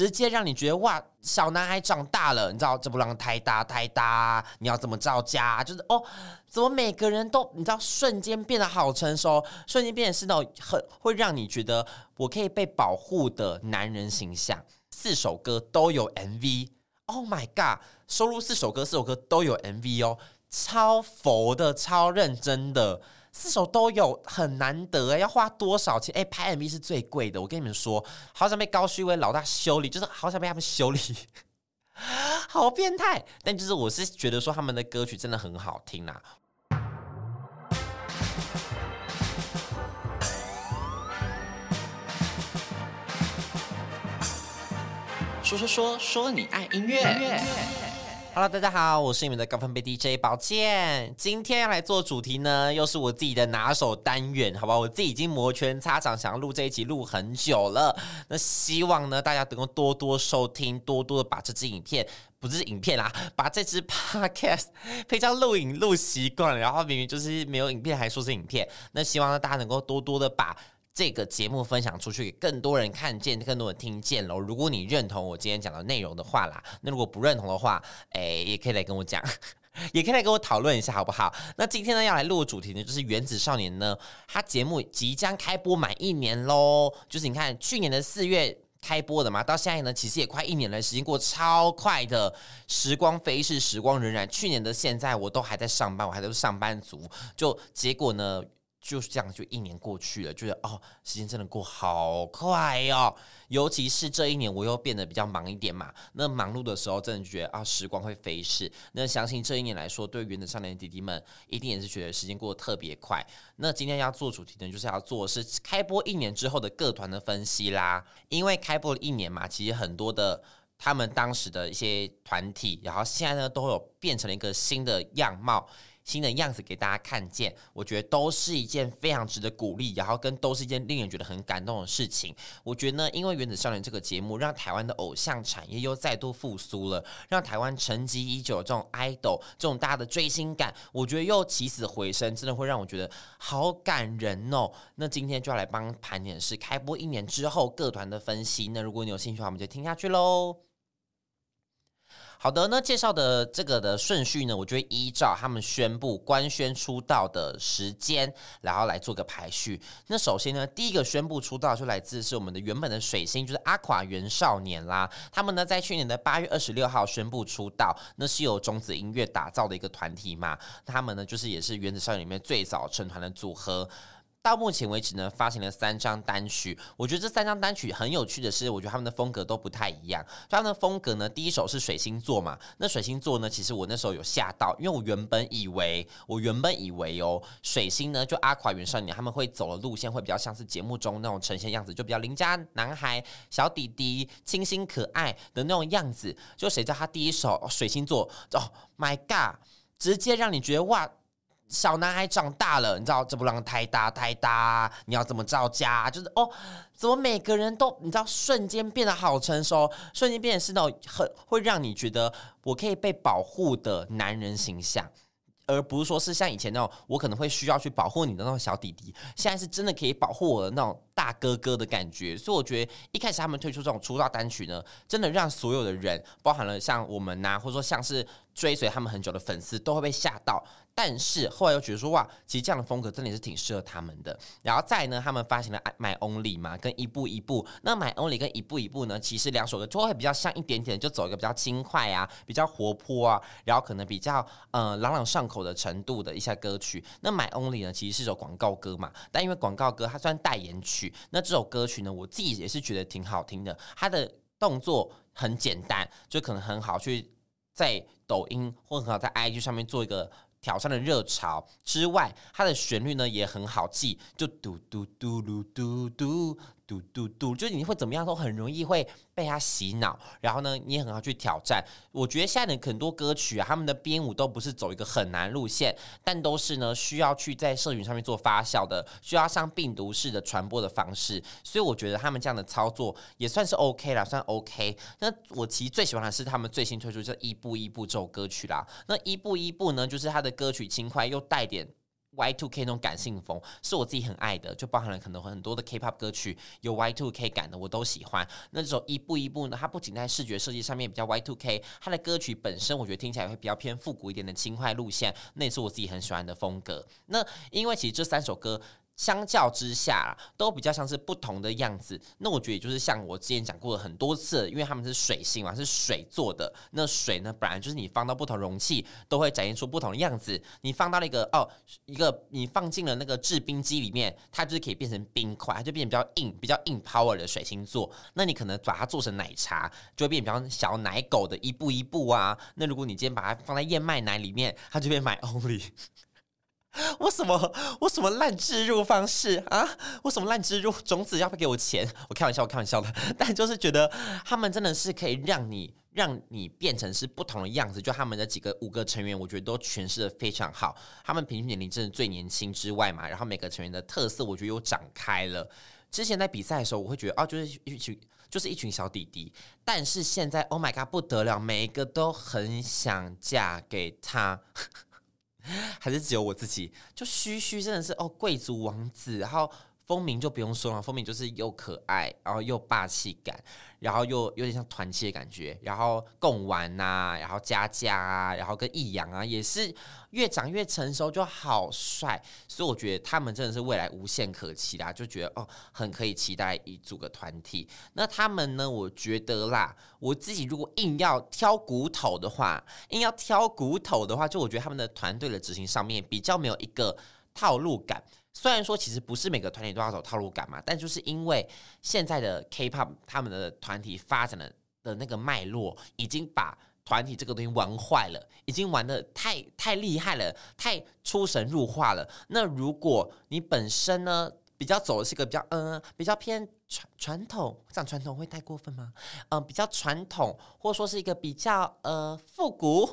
直接讓你覺得哇，小男孩長大了，你知道怎麼讓太大太大？你要怎麼造家？就是哦，怎麼每個人都你知道，瞬間變得好成熟，瞬間變得是那種很會讓你覺得我可以被保護的男人形象。四首歌都有 MV，Oh my god！收錄四首歌，四首歌都有 MV 哦，超佛的，超認真的。四首都有很難得，要花多少錢？哎、欸，拍 MV 是最貴的。我跟你們說，好想被高須威老大修理，就是好想被他們修理， 好變態。但就是我是覺得說他們的歌曲真的很好聽啊！說說說說你愛音樂。音 Hello，大家好，我是你們的高分貝 DJ 寶賤。今天要來做主題呢，又是我自己的拿手單元，好吧？我自己已經摩拳擦掌，想要錄這一集錄很久了。那希望呢，大家能夠多多收聽，多多的把這支影片，不是影片啦、啊，把這支 Podcast 配成錄影錄習慣。然後明明就是沒有影片，還說是影片。那希望呢，大家能夠多多的把。這個節目分享出去，給更多人看見，更多人聽見嘍。如果你認同我今天講的內容的話啦，那如果不認同的話，誒，也可以來跟我講，也可以來跟我討論一下，好不好？那今天呢，要來錄的主題呢，就是《原子少年》呢，它節目即將開播滿一年嘍。就是你看，去年的四月開播的嘛，到現在呢，其實也快一年了。時間過超快的，時光飛逝，時光荏苒。去年的現在，我都還在上班，我還在上班族。就結果呢？就是這樣，就一年過去了，覺得哦，時間真的過好快哦。尤其是這一年，我又變得比較忙一點嘛。那忙碌的時候，真的覺得啊，時光會飛逝。那相信這一年來說，對《原子少年》弟弟們，一定也是覺得時間過得特別快。那今天要做主題呢，就是要做的是開播一年之後的各團的分析啦。因為開播了一年嘛，其實很多的他們當時的一些團體，然後現在呢，都有變成了一個新的樣貌。新的樣子給大家看見，我覺得都是一件非常值得鼓勵，然後跟都是一件令人覺得很感動的事情。我覺得呢，因為《原子少年》這個節目，讓台灣的偶像產業又再度復甦了，讓台灣沉寂已久的這種 idol，這種大家的追星感，我覺得又起死回生，真的會讓我覺得好感人哦。那今天就要來幫盤點是開播一年之後各團的分析。那如果你有興趣的話，我們就聽下去嘍。好的，那介紹的這個的順序呢，我就會依照他們宣布官宣出道的時間，然後來做個排序。那首先呢，第一個宣布出道就來自是我們的原本的水星，就是 AcQUA 原少年啦。他們呢在去年的八月二十六號宣布出道，那是由種子音樂打造的一個團體嘛。他們呢就是也是原子少年裡面最早成團的組合。到目前為止呢，發行了三張單曲。我覺得這三張單曲很有趣的是，我覺得他們的風格都不太一樣。他們的風格呢，第一首是水星座嘛。那水星座呢，其實我那時候有嚇到，因為我原本以為，我原本以為哦，水星呢，就 AcQUA、原子少年他們會走的路線會比較像是節目中那種呈現樣子，就比較鄰家男孩、小弟弟、清新可愛的那種樣子。就誰知道他第一首，哦，水星座哦，Oh My God，直接讓你覺得哇！小男孩長大了，你知道這波浪太大太大，你要怎麼造家？就是哦，怎麼每個人都你知道瞬間變得好成熟，瞬間變得是那種很會讓你覺得我可以被保護的男人形象，而不是說是像以前那種我可能會需要去保護你的那種小弟弟。現在是真的可以保護我的那種大哥哥的感覺。所以我覺得一開始他們推出這種出道單曲呢，真的讓所有的人，包含了像我們吶、啊，或者說像是。追隨他們很久的粉絲都會被嚇到，但是後來又覺得說哇，其實這樣的風格真的也是挺適合他們的。然後再呢，他們發行了《My Only》嘛，跟一步一步。那《My Only》跟一步一步呢，其實兩首歌就會比較像一點點，就走一個比較輕快啊，比較活潑啊，然後可能比較呃朗朗上口的程度的一些歌曲。那《My Only》呢，其實是一首廣告歌嘛，但因為廣告歌它算代言曲，那這首歌曲呢，我自己也是覺得挺好聽的。它的動作很簡單，就可能很好去。在抖音或很好在 IG 上面做一個挑戰的熱潮之外，它的旋律呢也很好記，就嘟嘟嘟嚕嘟嘟。嘟嘟嘟，就是你會怎麼樣都很容易會被他洗腦，然後呢你也很好去挑戰。我覺得現在的很多歌曲啊，他們的編舞都不是走一個很難路線，但都是呢需要去在社群上面做發酵的，需要像病毒式的傳播的方式。所以我覺得他們這樣的操作也算是 OK 啦，算 OK。那我其實最喜歡的是他們最新推出叫《就是、一步一步》這首歌曲啦。那一步一步呢，就是他的歌曲輕快又帶點。Y2K 那種感性風是我自己很愛的，就包含了可能很多的 K-pop 歌曲有 Y2K 感的，我都喜歡。那這首一步一步呢，它不僅在視覺設計上面比較 Y2K，它的歌曲本身我覺得聽起來會比較偏復古一點的輕快路線，那也是我自己很喜歡的風格。那因為其實這三首歌。相較之下，都比較像是不同的樣子。那我覺得也就是像我之前講過的很多次，因為他們是水星嘛，是水做的。那水呢，本來就是你放到不同容器都會展現出不同的樣子。你放到了一個哦，一個你放進了那個制冰機裡面，它就是可以變成冰塊，它就變成比較硬、比較硬 power 的水星座。那你可能把它做成奶茶，就會變成比較小奶狗的一步一步啊。那如果你今天把它放在燕麥奶裡面，它就變買 only。我什麼？我什麼爛置入方式啊？我什麼爛置入？種子要不要給我錢？我開玩笑，我開玩笑的。但就是覺得他們真的是可以讓你讓你變成是不同的樣子。就他們的幾個五個成員，我覺得都詮釋得非常好。他們平均年齡真的最年輕之外嘛，然後每個成員的特色，我覺得又展開了。之前在比賽的時候，我會覺得哦，就是一群就是一群小弟弟。但是現在，Oh my god，不得了，每一個都很想嫁給他。還是只有我自己，就噓噓，真的是哦，貴族王子，然後。風鳴就不用說了，風鳴就是又可愛，然、哦、後又霸氣感，然後又，又有點像團契的感覺，然後共玩吶、啊，然後加加啊，然後跟易陽啊，也是越長越成熟，就好帥，所以我覺得他們真的是未來無限可期啊，就覺得哦，很可以期待一組的團體。那他們呢，我覺得啦，我自己如果硬要挑骨頭的話，硬要挑骨頭的話，就我覺得他們的團隊的執行上面比較沒有一個套路感。雖然說其實不是每個團體都要走套路感嘛，但就是因為現在的 K-pop 他們的團體發展的的那個脈絡，已經把團體這個東西玩壞了，已經玩的太太厲害了，太出神入化了。那如果你本身呢，比較走的是一個比較嗯、呃、比較偏傳傳統，講傳統會太過分嗎？嗯、呃，比較傳統或者說是一個比較呃復古。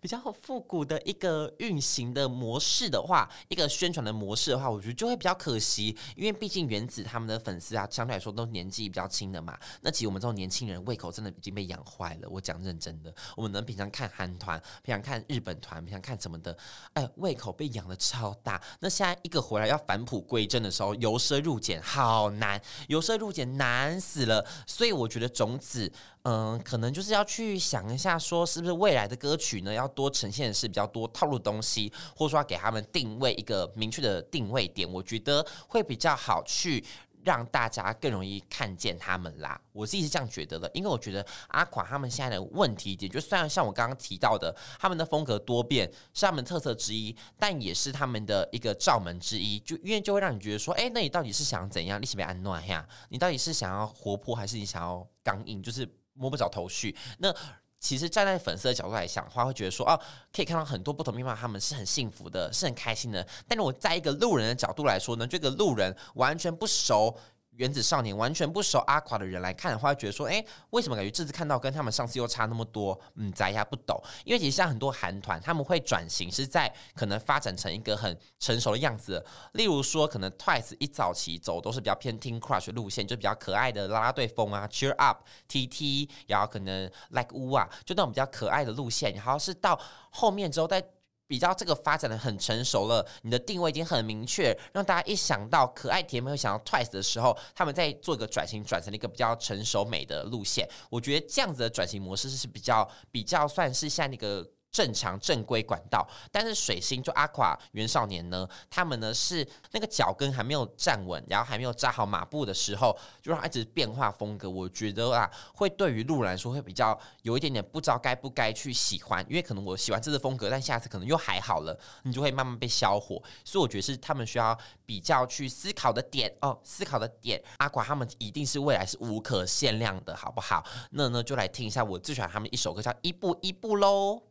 比較復古的一個運行的模式的話，一個宣傳的模式的話，我覺得就會比較可惜，因為畢竟原子他們的粉絲啊，相對來說都年紀比較輕的嘛。那其實我們這種年輕人胃口真的已經被養壞了，我講認真的。我們能平常看韓團，平常看日本團，平常看什麼的，哎，胃口被養得超大。那現在一個回來要返璞歸真的時候，由奢入儉，好難，由奢入儉難死了。所以我覺得種子。嗯，可能就是要去想一下，說是不是未來的歌曲呢，要多呈現的是比較多套路東西，或者說給他們定位一個明確的定位點，我覺得會比較好，去讓大家更容易看見他們啦。我自己是這樣覺得的，因為我覺得 AcQUA 他們現在的問題點，就雖然像我剛剛提到的，他們的風格多變是他們特色之一，但也是他們的一個罩門之一，就因為就會讓你覺得說，哎、欸，那你到底是想怎樣？你喜歡安暖呀？你到底是想要活潑還是你想要剛硬？就是。摸不着頭緒。那其實站在粉絲的角度來想的話，會覺得說啊，可以看到很多不同面貌，他們是很幸福的，是很開心的。但是我在一個路人的角度來說呢，這個路人完全不熟。原子少年完全不熟 AcQUA 的人來看的話，覺得說，誒、欸，為什麼感覺這次看到跟他們上次又差那麼多？嗯，咱也不懂。因為其實像很多韓團他們會轉型，是在可能發展成一個很成熟的樣子的。例如說，可能 Twice 一早期走都是比較偏 Teen Crush 路線，就比較可愛的啦啦隊風啊，Cheer Up，TT，然後可能 Like Ooh 啊，就那種比較可愛的路線。然後是到後面之後再。比較這個發展的很成熟了，你的定位已經很明確，讓大家一想到可愛甜美，會想到 Twice 的時候，他們在做一個轉型，轉成了一個比較成熟美的路線。我覺得這樣子的轉型模式是比較比較算是像那個。正常正規管道，但是水星，就 AcQUA 原少年呢，他們呢是那個腳跟還沒有站穩，然後還沒有紮好馬步的時候，就讓他一直變化風格。我覺得啊，會對於路人來說會比較有一點點不知道該不該去喜歡，因為可能我喜歡這個風格，但下次可能又還好了，你就會慢慢被消火。所以我覺得是他們需要比較去思考的點哦，思考的點。AcQUA 他們一定是未來是無可限量的，好不好？那呢，就來聽一下我最喜歡他們一首歌，叫《一步一步》嘍。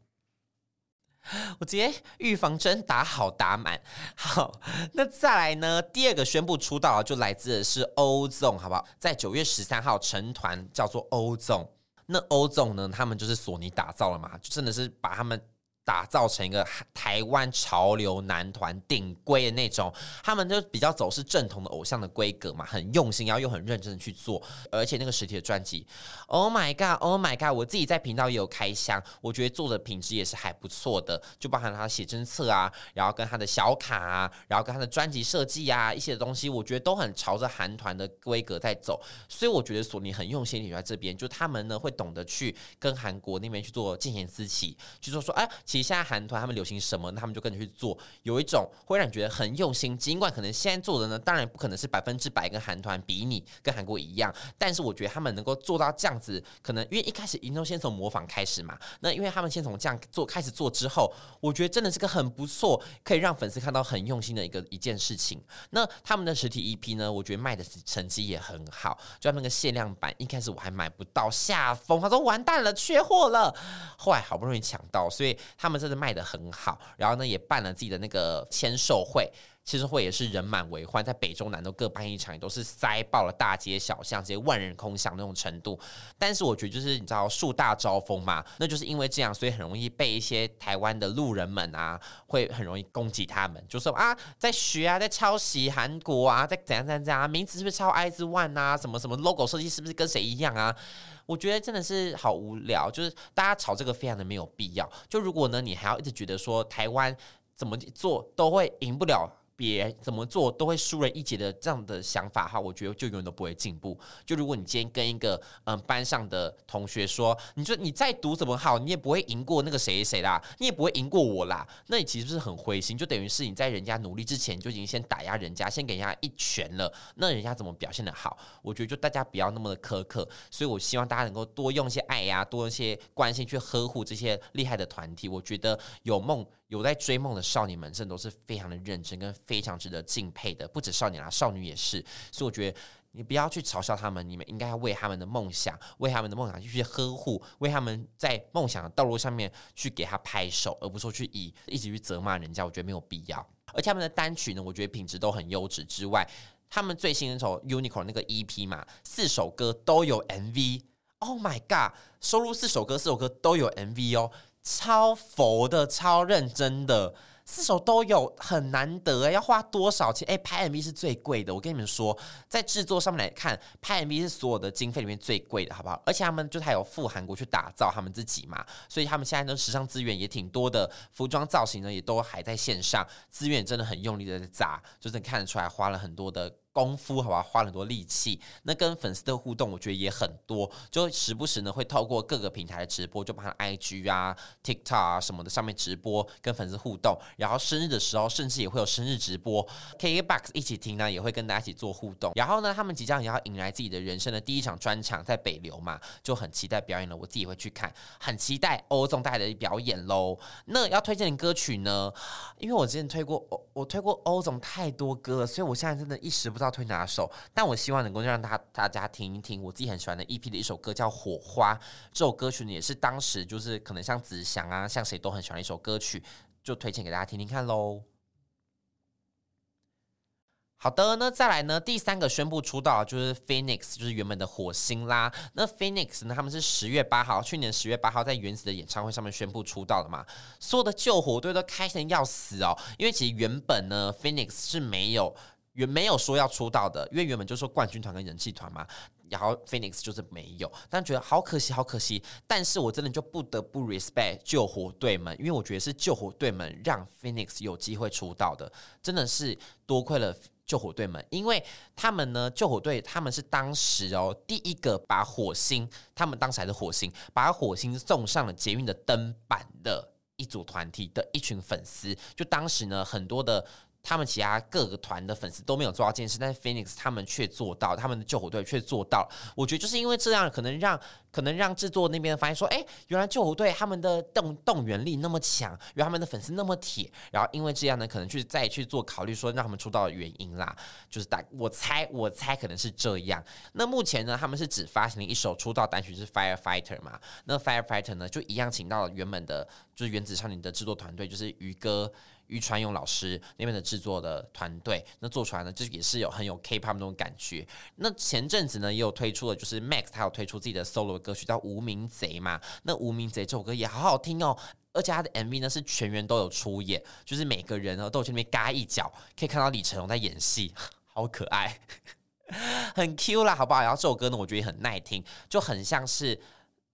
我直接預防針打好打滿，好，那再來呢？第二個宣布出道就來自的是 Ozone，好不好？在九月十三號成團，叫做 Ozone。那 Ozone 呢，他們就是索尼打造了嘛，就真的是把他們。打造成一個台灣潮流男團頂規的那種，他們就比較走是正統的偶像的規格嘛，很用心，然後又很認真的去做，而且那個實體的專輯，Oh my god，Oh my god，我自己在頻道也有開箱，我覺得做的品質也是還不錯的，就包含他的寫真冊啊，然後跟他的小卡啊，然後跟他的專輯設計啊一些的東西，我覺得都很朝着韓團的規格在走，所以我覺得索尼很用心你在這邊，就他們呢會懂得去跟韓國那邊去做進行私企，就說說哎，其實你現在韓團他們流行什麼，那他們就跟着去做，有一種會讓你覺得很用心。盡管可能現在做的呢，當然不可能是百分之百跟韓團比擬，跟韓國一樣，但是我覺得他們能夠做到這樣子，可能因為一開始銀中先從模仿開始嘛。那因為他們先從這樣做開始做之後，我覺得真的是個很不錯，可以讓粉絲看到很用心的一個一件事情。那他們的實體 EP 呢，我覺得賣的成績也很好，就那個限量版一開始我還買不到，下風他說完蛋了，缺貨了。後來好不容易搶到，所以他。他們真的賣得很好，然後呢也辦了自己的那個簽售會，簽售會也是人滿為患，在北中南都各辦一場，也都是塞爆了大街小巷，這些萬人空巷那種程度。但是我覺得就是你知道樹大招風嘛，那就是因為這樣，所以很容易被一些台灣的路人們啊，會很容易攻擊他們，就說啊在學啊，在抄襲韓國啊，在怎樣怎樣怎樣，名字是不是抄 IZONE 啊，什麼什麼 logo 設計是不是跟誰一樣啊？我覺得真的是好無聊，就是大家吵這個非常的沒有必要。就如果呢，你還要一直覺得說台灣怎麼做都會贏不了。別怎麼做都會輸人一截的這樣的想法哈，我覺得就永遠都不會進步。就如果你今天跟一個嗯、呃、班上的同學說，你說你再讀怎麼好，你也不會贏過那個誰誰啦，你也不會贏過我啦，那你其實是很灰心。就等於是你在人家努力之前就已經先打壓人家，先給人家一拳了。那人家怎麼表現得好？我覺得就大家不要那麼的苛刻，所以我希望大家能夠多用一些愛呀、啊，多一些關心去呵護這些厲害的團體。我覺得有夢。有在追夢的少年們，真的都是非常的認真，跟非常值得敬佩的。不止少年啦、啊，少女也是。所以我覺得你不要去嘲笑他們，你們應該要為他們的夢想，為他們的夢想去呵護，為他們在夢想的道路上面去給他拍手，而不是說去以一直去責罵人家。我覺得沒有必要。而且他們的單曲呢，我覺得品質都很優質。之外，他們最新的那首《Unicorn》那個 EP 嘛，四首歌都有 MV。Oh my god！收錄四首歌，四首歌都有 MV 哦。超佛的，超認真的，四首都有，很難得。要花多少錢？誒、欸，拍 MV 是最貴的。我跟你們說，在制作上面來看，拍 MV 是所有的經費裡面最貴的，好不好？而且他們就還有赴韓國去打造他們自己嘛，所以他們現在呢，時尚資源也挺多的，服裝造型呢也都還在線上，資源真的很用力的砸，就是看得出來花了很多的。功夫好吧，花很多力氣，那跟粉絲的互動，我覺得也很多，就時不時呢會透過各個平台的直播，就包括 IG 啊、TikTok、ok、啊什麼的上面直播跟粉絲互動。然後生日的時候，甚至也會有生日直播，KKBOX 一起聽呢、啊，也會跟大家一起做互動。然後呢，他們即將也要迎來自己的人生的第一場專場，在北流嘛，就很期待表演了。我自己會去看，很期待 Ozone 帶來的表演嘍。那要推薦的歌曲呢，因為我之前推過歐，我推過 Ozone 太多歌了，所以我現在真的一時不知道。推拿手，但我希望能夠讓他大、大家聽一聽我自己很喜歡的 EP 的一首歌，叫《火花》。這首歌曲呢，也是當時就是可能像子祥啊，像誰都很喜歡的一首歌曲，就推薦給大家聽聽看嘍。好的，那再來呢，第三個宣布出道就是 FEniX，就是原本的火星啦。那 FEniX 呢，他們是十月八號，去年十月八號在原子的演唱會上面宣布出道的嘛。所有的救火隊都、都開心要死哦，因為其實原本呢，FEniX 是沒有，也沒有說要出道的，因為原本就說冠軍團跟人氣團嘛，然後 FEniX 就是沒有，但覺得好可惜，好可惜。但是我真的就不得不 respect 救火隊們，因為我覺得是救火隊們讓 FEniX 有機會出道的，真的是多虧了救火隊們，因為他們呢，救火隊他們是當時哦第一個把火星，他們當時還是火星，把火星送上了捷運的燈板的一組團體的一群粉絲，就當時呢很多的。他們其他各個團的粉絲都沒有做到這件事，但是 FEniX 他們卻做到，他們的救火隊卻做到。我覺得就是因為這樣，可能讓可能讓制作那邊發現說，誒，原來救火隊他們的動動員力那麼強，然後他們的粉絲那麼鐵，然後因為這樣呢，可能去再去做考慮說讓他們出道的原因啦。就是打我猜我猜可能是這樣。那目前呢，他們是只發行了一首出道單曲是 Firefighter 嘛，那 Firefighter 呢就一樣請到了原本的就是原子少年的制作團隊，就是於哥。於傳勇老師那邊的製作的團隊，那做出來呢，就是也是有很有 K-pop 那種感覺。那前陣子呢，也有推出了，就是 MAX 他有推出自己的 solo 歌曲叫《無名賊》嘛。那《無名賊》這首歌也好好聽哦，而且他的 MV 呢是全員都有出演，就是每個人呢都有去那邊嘎一腳，可以看到李成龍在演戲，好可愛， 很 Q 啦，好不好？然後這首歌呢，我覺得也很耐聽，就很像是。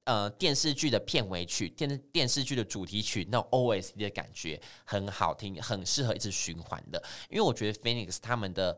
呃，電視劇的片尾曲，電視電視劇的主題曲，那種 O S D 的感覺很好聽，很適合一直循環的。因為我覺得 FEniX 他們的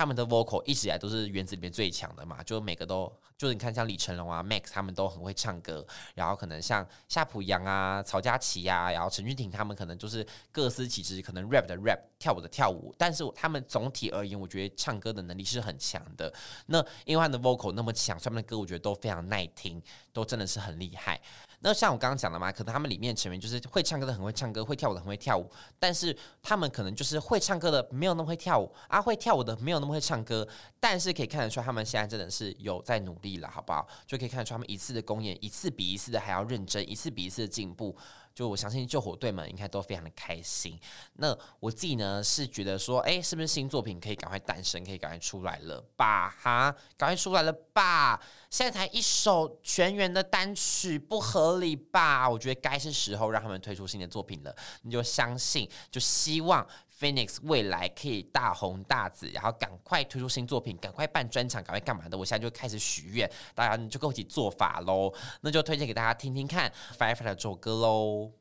他們的 vocal 一直以來都是原子裡面最強的嘛，就每個都，就是你看像李成龍啊、Max 他們都很會唱歌，然後可能像夏普揚啊、曹佳琪呀，然後陳俊廷他們可能就是各司其職，可能 rap 的 rap，跳舞的跳舞。但是他們總體而言，我覺得唱歌的能力是很強的。那因為他的 vocal 那麼強，所以他們的歌我覺得都非常耐聽，都真的是很厲害。那像我剛剛講的嘛，可能他們裡面成員就是會唱歌的很會唱歌，會跳舞的很會跳舞，但是他們可能就是會唱歌的沒有那麼會跳舞啊，會跳舞的沒有那麼會唱歌，但是可以看得出他們現在真的是有在努力了，好不好？就可以看得出他們一次的公演，一次比一次的還要認真，一次比一次的進步。就我相信救火隊們應該都非常的開心。那我自己呢，是覺得說，哎、欸，是不是新作品可以趕快誕生，可以趕快出來了吧？哈，趕快出來了吧！現在才一首全員的單曲不合理吧？我覺得該是時候讓他們推出新的作品了。你就相信，就希望，FEniX 未來可以大紅大紫，然後趕快推出新作品，趕快辦專場，趕快幹嘛的？我現在就開始許願，大家就跟我一起做法嘍。那就推薦給大家聽聽看 Firefly 的這首歌嘍。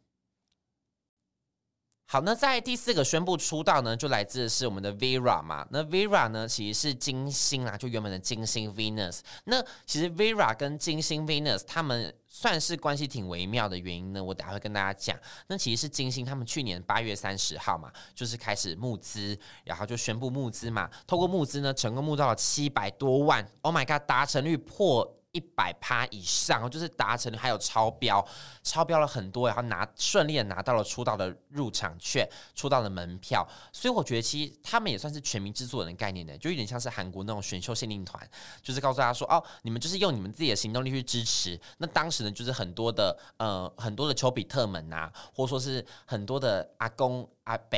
好，那在第四個宣布出道呢，就來自的是我們的 Vera 嘛。那 Vera 呢，其實是金星啦、啊，就原本的金星 Venus。那其實 Vera 跟金星 Venus 他們算是關係挺微妙的原因呢，我等下會跟大家講。那其實是金星他們去年八月三十號嘛，就是開始募資，然後就宣布募資嘛，透過募資呢，成功募到了七百多萬。Oh my God，達成率破。一百趴以上，就是達成，還有超標，超標了很多，然後拿順利的拿到了出道的入場券，出道的門票。所以我覺得，其實他們也算是全民制作人的概念的，就有點像是韓國那種選秀限定團，就是告訴他說：“哦，你們就是用你們自己的行動力去支持。”那當時呢，就是很多的呃，很多的丘比特們啊，或者說是很多的阿公阿伯。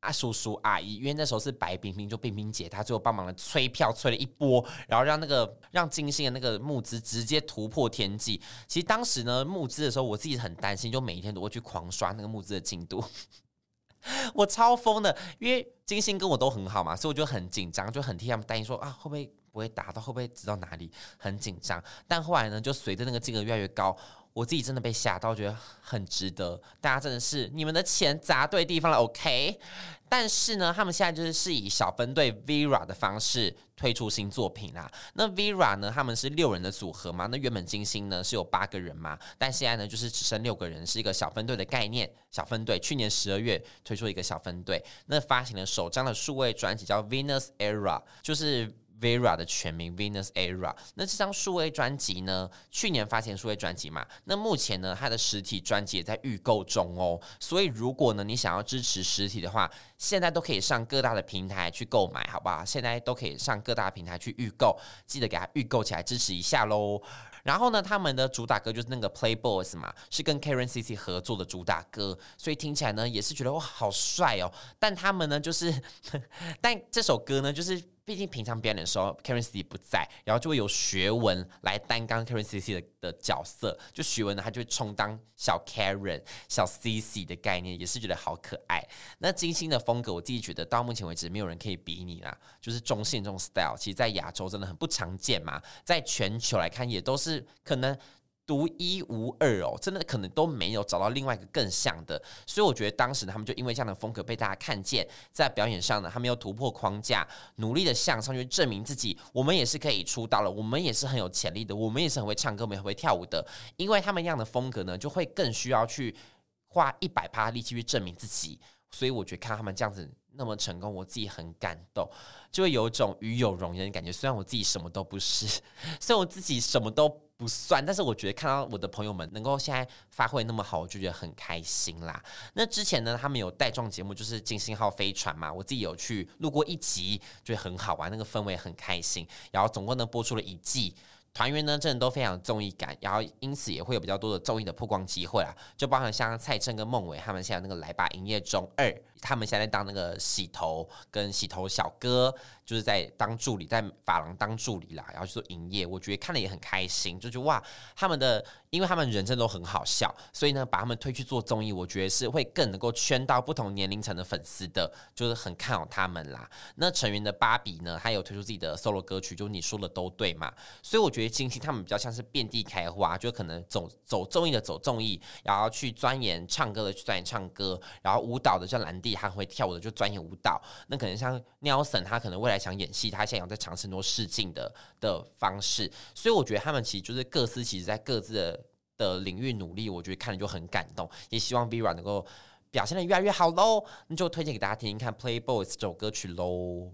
啊，叔叔阿姨，因為那時候是白冰冰，就冰冰姐，她最後幫忙了催票，催了一波，然後讓那個讓金星的那個募資直接突破天際。其實當時呢，募資的時候，我自己很擔心，就每一天都會去狂刷那個募資的進度， 我超瘋的，因為金星跟我都很好嘛，所以我就很緊張，就很替他們擔心說，說啊會不會不會達到，會不會直到哪裡，很緊張。但後來呢，就隨着那個金額越來越高。我自己真的被嚇到，我覺得很值得。大家真的是你們的錢砸對地方了，OK？但是呢，他們現在就是是以小分隊 VERA 的方式推出新作品啦。那 VERA 呢，他們是六人的組合嘛？那原本金星呢是有八個人嘛？但現在呢就是只剩六個人，是一個小分隊的概念。小分隊去年十二月推出一個小分隊，那發行了首張的數位專輯叫 Venus Era，就是。Vera 的全名 Venus Era。那這張數位專輯呢，去年發行數位專輯嘛。那目前呢，它的實體專輯也在預購中哦。所以如果呢，你想要支持實體的話，現在都可以上各大的平台去購買，好不好？現在都可以上各大的平台去預購，記得給他預購起來支持一下嘍。然後呢，他們的主打歌就是那個《Playboyz》嘛，是跟 Karencici 合作的主打歌，所以聽起來呢，也是覺得哇，好帥哦。但他們呢，就是但這首歌呢，就是。畢竟平常表演的時候 Karencici 不在，然後就會由學文來擔綱 Karencici 的的角色。就學文呢，他就會充當小 Karen 小 cici 的概念，也是覺得好可愛。那金星的風格，我自己覺得到目前為止沒有人可以比擬啦、啊。就是中性這種 style，其實在亞洲真的很不常見嘛，在全球來看也都是可能。獨一無二哦，真的可能都沒有找到另外一個更像的，所以我覺得當時他們就因為這樣的風格被大家看見，在表演上呢，他們又突破框架，努力的向上去證明自己。我們也是可以出道了，我們也是很有潛力的，我們也是很會唱歌，我們也很會跳舞的。因為他們這樣的風格呢，就會更需要去花一百趴力氣去證明自己。所以我覺得看他們這樣子那麼成功，我自己很感動，就會有一種與有榮焉的感覺。雖然我自己什麼都不是，雖然我自己什麼都。不算，但是我覺得看到我的朋友們能夠現在發揮那麼好，我就覺得很開心啦。那之前呢，他們有帶狀節目，就是《金星號飛船》嘛，我自己有去錄過一集，就很好玩，那個氛圍很開心。然後總共呢播出了一季，團員呢真的都非常有綜藝感，然後因此也會有比較多的綜藝的曝光機會啦，就包含像蔡政跟孟偉他們現在那個《來吧營業中二》。他們現在，在當那個洗頭跟洗頭小哥，就是在當助理，在髮廊當助理啦，然後去做營業。我覺得看了也很開心，就是哇，他們的因為他們人生都很好笑，所以呢，把他們推去做綜藝，我覺得是會更能夠圈到不同年齡層的粉絲的，就是很看好他們啦。那成員的芭比呢，他有推出自己的 solo 歌曲，就你說的都對嘛，所以我覺得近期他們比較像是遍地開花，就可能走走綜藝的走綜藝，然後去鑽研唱歌的去鑽研唱歌，然後舞蹈的像藍迪。他會跳舞的，就專業舞蹈。那可能像 Nelson，他可能未來想演戲，他現在也在嘗試很多試鏡的的方式。所以我覺得他們其實就是各司其職，在各自的的領域努力。我覺得看了就很感動，也希望 VERA 能夠表現得越來越好嘍。那就推薦給大家聽聽看《Playboyz》這首歌曲嘍。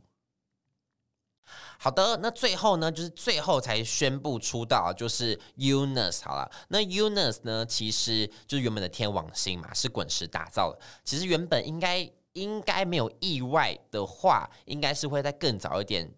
好的，那最後呢，就是最後才宣布出道，就是 U:NUS。好了，那 U:NUS 呢，其實就是原本的天王星嘛，是滾石打造的。其實原本應該應該沒有意外的話，應該是會再更早一點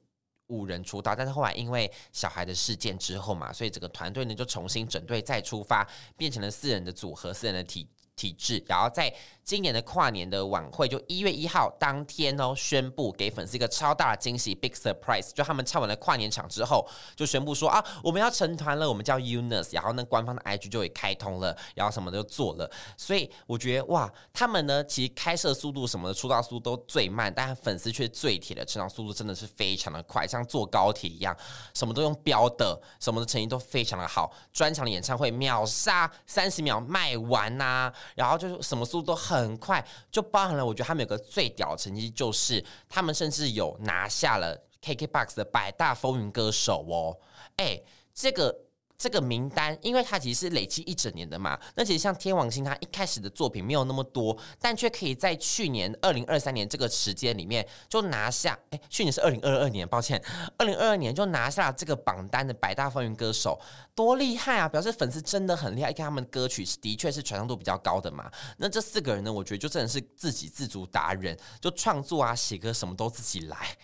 五人出道，但是後來因為小孩的事件之後嘛，所以整個團隊呢就重新整隊再出發，變成了四人的組合，四人的體體制，然後再。今年的跨年的晚會就一月一號當天哦，宣布給粉絲一個超大的驚喜，big surprise。就他們唱完了跨年場之後，就宣布說啊，我們要成團了，我們叫 U:NUS。然後呢，官方的 IG 就也開通了，然後什麼都做了。所以我覺得哇，他們呢其實開設速度什麼的出道速度都最慢，但粉絲卻最鐵的成長速度真的是非常的快，像坐高鐵一樣，什麼都用標的，什麼的成績都非常的好。專場的演唱會秒殺，三十秒賣完吶、啊，然後就是什麼速度都很。很快就包含了，我覺得他們有個最屌的成績，就是他們甚至有拿下了 KKBOX 的百大風雲歌手哦，誒、欸，這個。這個名單，因為它其實是累積一整年的嘛。那其實像天王星，他一開始的作品沒有那麼多，但卻可以在去年二零二三年這個時間裡面就拿下。誒，去年是二零二二年，抱歉，二零二二年就拿下這個榜單的百大風雲歌手，多厲害啊！表示粉絲真的很厲害，一看他們的歌曲的確是傳唱度比較高的嘛。那這四個人呢，我覺得就真的是自給自足達人，就創作啊、寫歌什麼都自己來。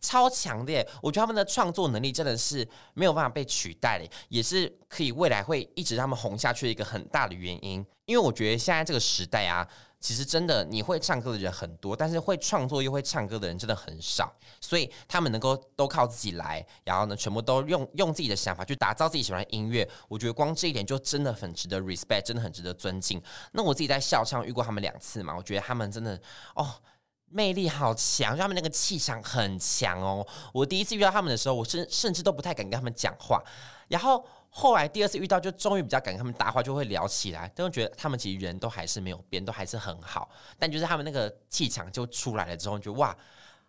超強的，我覺得他們的創作能力真的是沒有辦法被取代的，也是可以未來會一直讓他們紅下去的一個很大的原因。因為我覺得現在這個時代啊，其實真的你會唱歌的人很多，但是會創作又會唱歌的人真的很少，所以他們能夠都靠自己來，然後呢，全部都用用自己的想法去打造自己喜歡的音樂。我覺得光這一點就真的很值得 respect，真的很值得尊敬。那我自己在簽唱遇過他們兩次嘛，我覺得他們真的哦。魅力好強，就他們那個氣場很強哦。我第一次遇到他們的時候，我甚甚至都不太敢跟他們講話。然後後來第二次遇到，就終於比較敢跟他們搭話，就會聊起來。都覺得他們其實人都還是沒有變，人都還是很好。但就是他們那個氣場就出來了之後，就哇，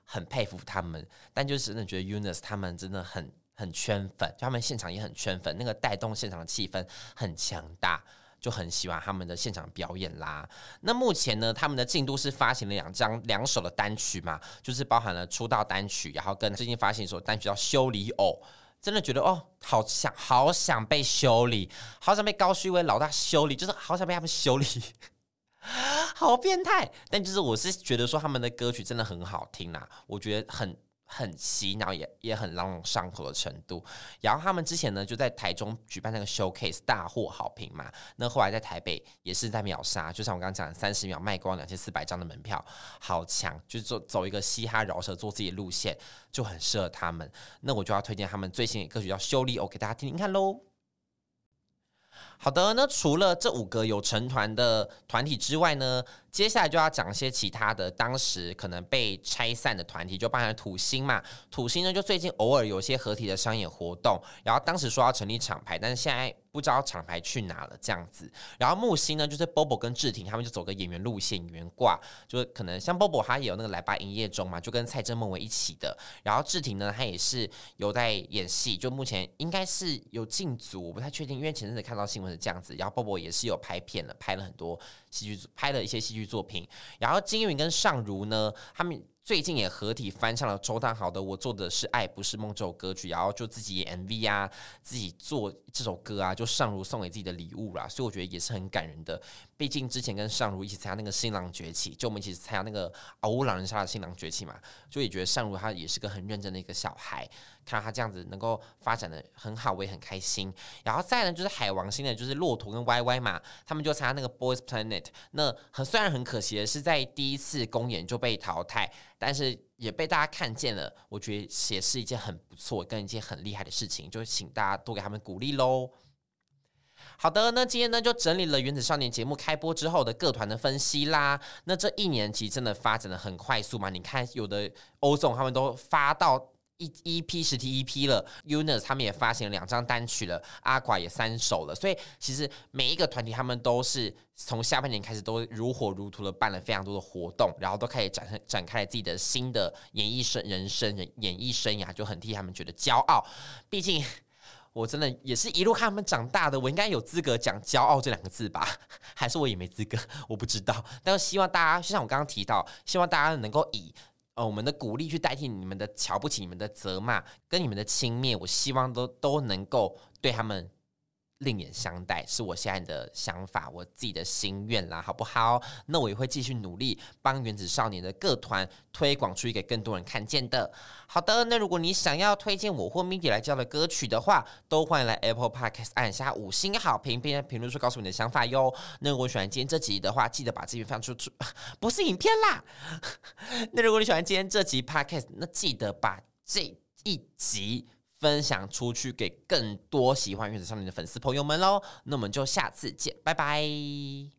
很佩服他們。但就是真的覺得 U:NUS 他們真的很很圈粉，就他們現場也很圈粉，那個帶動現場的氣氛很強大。就很喜歡他們的現場表演啦。那目前呢，他們的進度是發行了兩張兩首的單曲嘛，就是包含了出道單曲，然後跟最近發行一首單曲叫《修理偶》哦，真的覺得哦，好想好想被修理，好想被高須威老大修理，就是好想被他們修理， 好變態。但就是我是覺得說他們的歌曲真的很好聽啦、啊，我覺得很。很洗腦，也也很朗朗上口的程度。然後他們之前呢就在台中舉辦那個 showcase，大獲好評嘛。那後來在台北也是在秒殺，就像我剛剛講的，三十秒賣光兩千四百張的門票，好強！就是走一個嘻哈饒舌做自己的路線，就很適合他們。那我就要推薦他們最新的歌曲叫《修理偶》，給大家聽聽看嘍。好的，那除了這五個有成團的團體之外呢，接下來就要講一些其他的，當時可能被拆散的團體，就包含土星嘛。土星呢，就最近偶爾有些合體的商演活動，然後當時說要成立廠牌，但是現在。不知道廠牌去哪了這樣子，然後木星呢，就是 Bobo 跟志廷他們就走個演員路線，演員掛，就是可能像 Bobo 他也有那個來吧營業中嘛，就跟蔡正夢為一起的，然後志廷呢，他也是有在演戲，就目前應該是有進組，不太確定，因為前陣子看到新聞是這樣子。然後 Bobo 也是有拍片了，拍了很多戲劇，拍了一些戲劇作品，然後金雲跟尚如呢，他們。最近也合體翻唱了周湯豪的《我做的是愛不是夢》這首歌曲，然後就自己 MV 啊，自己做這首歌啊，就上如送給自己的禮物啦、啊，所以我覺得也是很感人的。畢竟之前跟上如一起參加那個新郎崛起，就我們一起參加那個嗷嗚狼人殺的新郎崛起嘛，就也覺得上如他也是個很認真的一個小孩，看到他這樣子能夠發展的很好，我也很開心。然後再呢，就是海王星的，就是駱駝跟 YY 嘛，他們就參加那個 Boys Planet，那很雖然很可惜的是在第一次公演就被淘汰，但是也被大家看見了，我覺得也是一件很不錯跟一件很厲害的事情，就請大家多給他們鼓勵嘍。好的，那今天呢就整理了《原子少年》節目開播之後的各團的分析啦。那這一年其實真的發展的很快速嘛？你看，有的 Ozone 他們都發到一 EP、實體 EP 了；UNUS 他們也發行了兩張單曲了；AcQUA 也三首了。所以其實每一個團體他們都是從下半年開始都如火如荼的辦了非常多的活動，然後都開始展展開了自己的新的演藝生人生人演藝生涯，就很替他們覺得驕傲。畢竟。我真的也是一路看他們長大的，我應該有資格講“驕傲”這兩個字吧？還是我也沒資格？我不知道。但是希望大家就像我剛剛提到，希望大家能夠以呃我們的鼓勵去代替你們的瞧不起、你們的責罵跟你們的輕蔑。我希望都都能夠對他們。另眼相待，是我現在的想法，我自己的心願啦，好不好？那我也會繼續努力，幫原子少年的各團推廣出去，給更多人看見的。好的，那如果你想要推薦我或米迪來教的歌曲的話，都歡迎來 Apple Podcast 按下五星好評，並在評論區告訴你的想法喲。那如果喜歡今天這集的話，記得把這邊放出去，不是影片啦。那如果你喜歡今天這集 Podcast，那記得把這一集。分享出去給更多喜歡原子少年的粉絲朋友們嘍！那我們就下次見，拜拜。